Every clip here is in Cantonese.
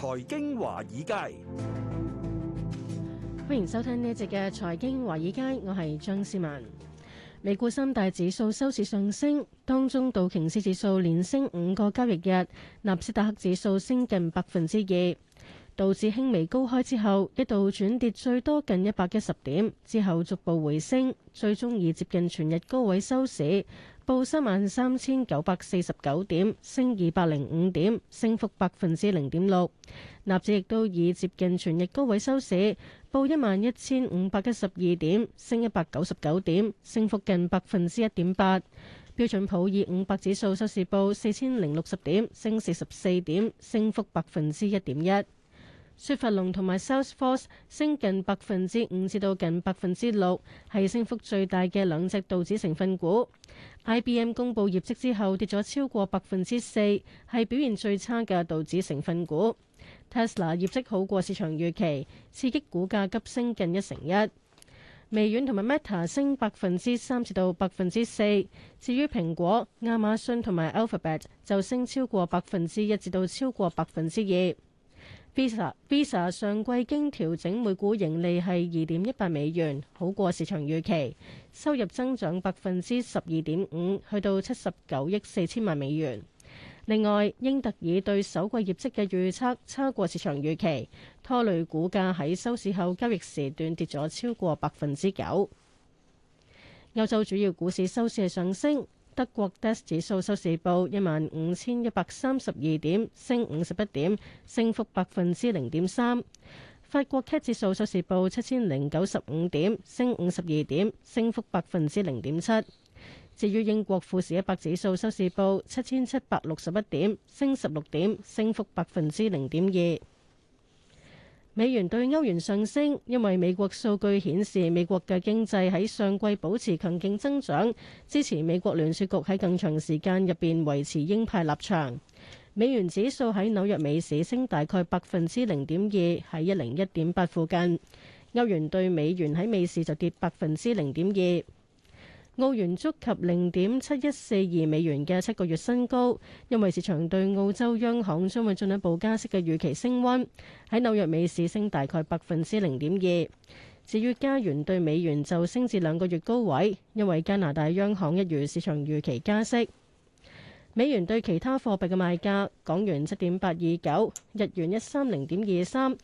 財經華爾街，歡迎收聽呢一集嘅財經華爾街，我係張思文。美股三大指數收市上升，當中道瓊斯指數連升五個交易日，納斯達克指數升近百分之二。道指輕微高開之後，一度轉跌最多近一百一十點，之後逐步回升，最終以接近全日高位收市。報三萬三千九百四十九點，升二百零五點，升幅百分之零點六。納指亦都以接近全日高位收市，報一萬一千五百一十二點，升一百九十九點，升幅近百分之一點八。標準普爾五百指數收市報四千零六十點，升四十四點，升幅百分之一點一。雪佛龍同埋 Salesforce 升近百分之五至到近百分之六，係升幅最大嘅兩隻道指成分股。IBM 公布業績之後跌咗超過百分之四，係表現最差嘅道指成分股。Tesla 業績好過市場預期，刺激股價急升近一成一。微軟同埋 Meta 升百分之三至到百分之四，至於蘋果、亞馬遜同埋 Alphabet 就升超過百分之一至到超過百分之二。Visa Visa 上季經調整每股盈利係二點一八美元，好過市場預期，收入增長百分之十二點五，去到七十九億四千萬美元。另外，英特爾對首季業績嘅預測差過市場預期，拖累股價喺收市後交易時段跌咗超過百分之九。歐洲主要股市收市係上升。德國 DAX 指數收市報一萬五千一百三十二點，升五十一點，升幅百分之零點三。法國 CAC 指數收市報七千零九十五點，升五十二點，升幅百分之零點七。至於英國富時一百指數收市報七千七百六十一點，升十六點，升幅百分之零點二。美元對歐元上升，因為美國數據顯示美國嘅經濟喺上季保持強勁增長，支持美國聯儲局喺更長時間入邊維持鷹派立場。美元指數喺紐約美市升大概百分之零點二，喺一零一點八附近。歐元對美元喺美市就跌百分之零點二。澳元觸及零點七一四二美元嘅七個月新高，因為市場對澳洲央行將會進一步加息嘅預期升溫。喺紐約美市升大概百分之零點二。至於加元對美元就升至兩個月高位，因為加拿大央行一如市場預期加息。美元對其他貨幣嘅賣價：港元七點八二九，日元一三零點二三，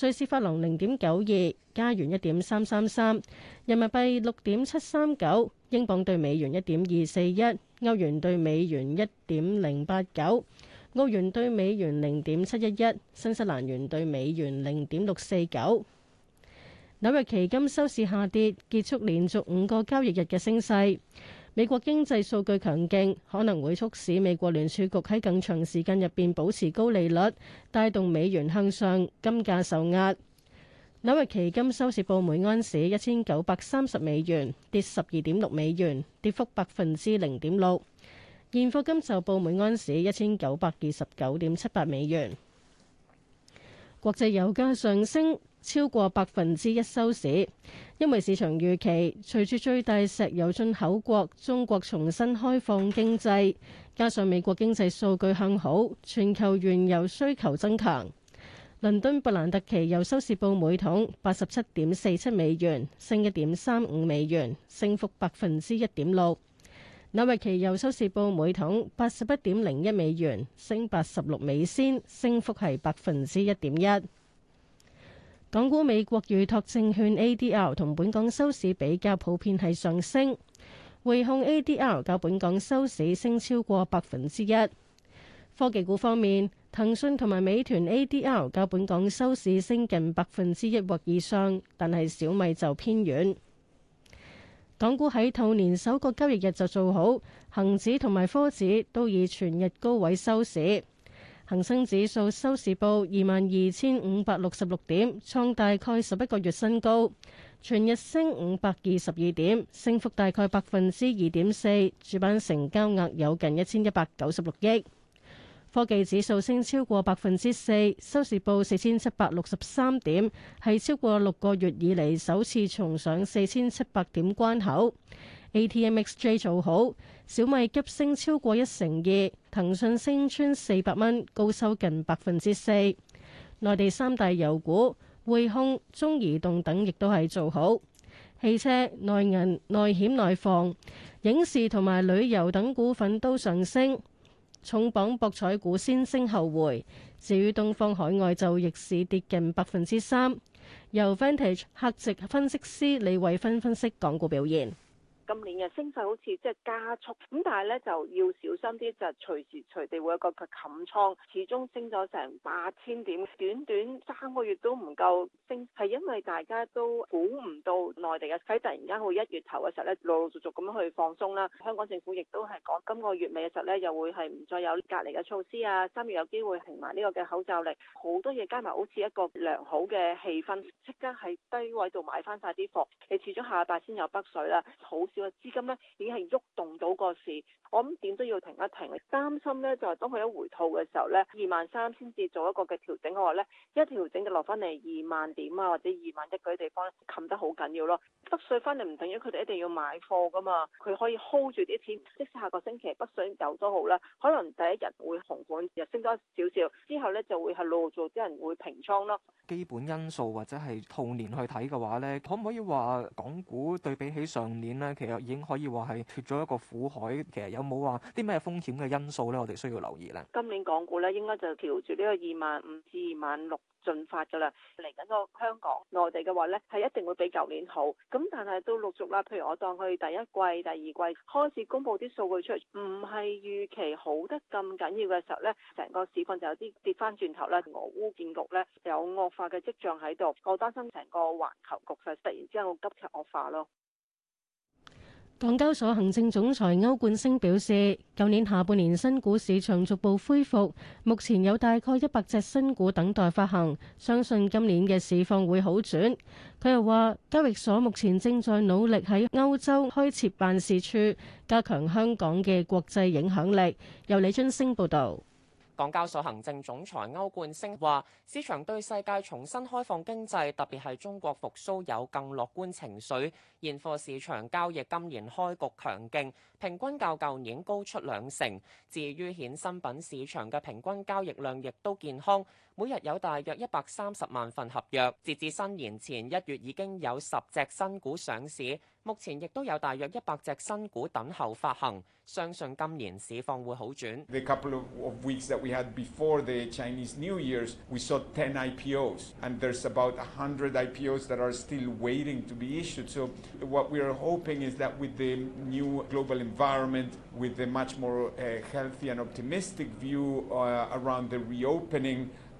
瑞士法郎零點九二，加元一點三三三，人民幣六點七三九。英鎊對美元一點二四一，歐元對美元一點零八九，澳元對美元零點七一一，新西蘭元對美元零點六四九。紐約期金收市下跌，結束連續五個交易日嘅升勢。美國經濟數據強勁，可能會促使美國聯儲局喺更長時間入邊保持高利率，帶動美元向上，金價受壓。紐約期金收市報每安士一千九百三十美元，跌十二點六美元，跌幅百分之零點六。現貨金就報每安士一千九百二十九點七八美元。國際油價上升超過百分之一收市，因為市場預期隨住最大石油進口國中國重新開放經濟，加上美國經濟數據向好，全球原油需求增強。倫敦布蘭特期油收市報每桶八十七點四七美元，升一點三五美元，升幅百分之一點六。紐約期油收市報每桶八十一點零一美元，升八十六美仙，升幅係百分之一點一。港股美國預託證，證券 A D R 同本港收市比較普遍係上升，匯控 A D R 較本港收市升超過百分之一。科技股方面。騰訊同埋美團 ADR 較本港收市升近百分之一或以上，但係小米就偏軟。港股喺兔年首個交易日就做好，恒指同埋科指都以全日高位收市。恒生指數收市報二萬二千五百六十六點，創大概十一個月新高，全日升五百二十二點，升幅大概百分之二點四。主板成交額有近一千一百九十六億。科技指數升超過百分之四，收市報四千七百六十三點，係超過六個月以嚟首次重上四千七百點關口。A T M X J 做好，小米急升超過一成二，騰訊升穿四百蚊，高收近百分之四。內地三大油股匯控、中移動等亦都係做好。汽車、內銀、內險、內房、影視同埋旅遊等股份都上升。重磅博彩股先升後回，至於東方海外就逆市跌近百分之三。由 Vantage 客席分析師李偉芬分析港股表現。今年嘅升勢好似即係加速，咁但係咧就要小心啲，就隨時隨地會有個佢冚倉，始終升咗成八千點，短短三個月都唔夠升，係因為大家都估唔到內地嘅喺突然間會一月頭嘅時候咧，陸陸續續咁去放鬆啦。香港政府亦都係講今個月尾嘅時候咧，又會係唔再有隔離嘅措施啊，三月有機會停埋呢個嘅口罩令，好多嘢加埋好似一個良好嘅氣氛，即刻喺低位度買翻晒啲貨，你始終下個禮拜先有北水啦，好少。個資金咧已經係喐動到個市，我諗點都要停一停。擔心咧就係、是、當佢一回吐嘅時候咧，二萬三先至做一個嘅調整，嘅話咧一調整就落翻嚟二萬點啊，或者二萬一嗰啲地方，冚得好緊要咯。北水翻嚟唔等於佢哋一定要買貨噶嘛，佢可以 hold 住啲錢，即使下個星期北水有都好啦，可能第一日會紅盤又升多少少，之後咧就會係路做啲人會平倉咯。基本因素或者係兔年去睇嘅話咧，可唔可以話港股對比起上年咧，其實已經可以話係脫咗一個苦海。其實有冇話啲咩風險嘅因素咧？我哋需要留意咧。今年港股咧，應該就調住呢個二萬五至二萬六。進發㗎啦，嚟緊個香港內地嘅話呢，係一定會比舊年好。咁但係都陸續啦，譬如我當去第一季、第二季開始公佈啲數據出嚟，唔係預期好得咁緊要嘅時候呢，成個市況就有啲跌翻轉頭啦。俄烏建局呢，有惡化嘅跡象喺度，我擔心成個環球局勢突然之間急劇惡化咯。港交所行政總裁歐冠升表示，舊年下半年新股市場逐步恢復，目前有大概一百隻新股等待發行，相信今年嘅市況會好轉。佢又話，交易所目前正在努力喺歐洲開設辦事處，加強香港嘅國際影響力。由李津升報道。港交所行政總裁歐冠昇話，市場對世界重新開放經濟，特別係中國復蘇有更樂觀情緒。現貨市場交易今年開局強勁，平均較舊年高出兩成。至於衍生品市場嘅平均交易量亦都健康，每日有大約一百三十萬份合約。截至新年前一月，已經有十隻新股上市。目前亦都有大約一百隻新股等候發行，相信今年市況會好轉。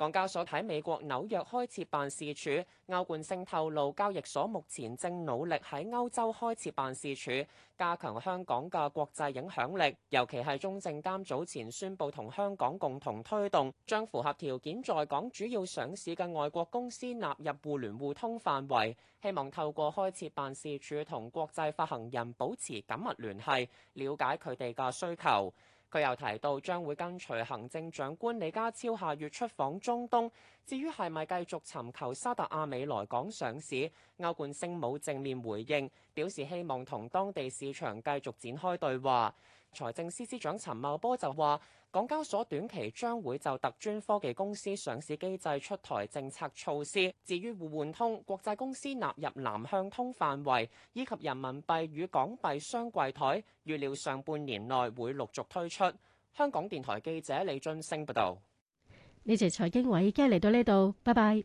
港交所喺美國紐約開設辦事處，歐冠昇透露，交易所目前正努力喺歐洲開設辦事處，加強香港嘅國際影響力。尤其係中證監早前宣布同香港共同推動，將符合條件在港主要上市嘅外國公司納入互聯互通範圍，希望透過開設辦事處同國際發行人保持緊密聯繫，了解佢哋嘅需求。佢又提到將會跟隨行政長官李家超下月出訪中東，至於係咪繼續尋求沙特阿美來港上市，歐冠昇冇正面回應，表示希望同當地市場繼續展開對話。財政司司長陳茂波就話：港交所短期將會就特專科技公司上市機制出台政策措施，至於互換通、國際公司納入南向通範圍，以及人民幣與港幣雙櫃台，預料上半年內會陸續推出。香港電台記者李進升報道。呢節財經委今日嚟到呢度，拜拜。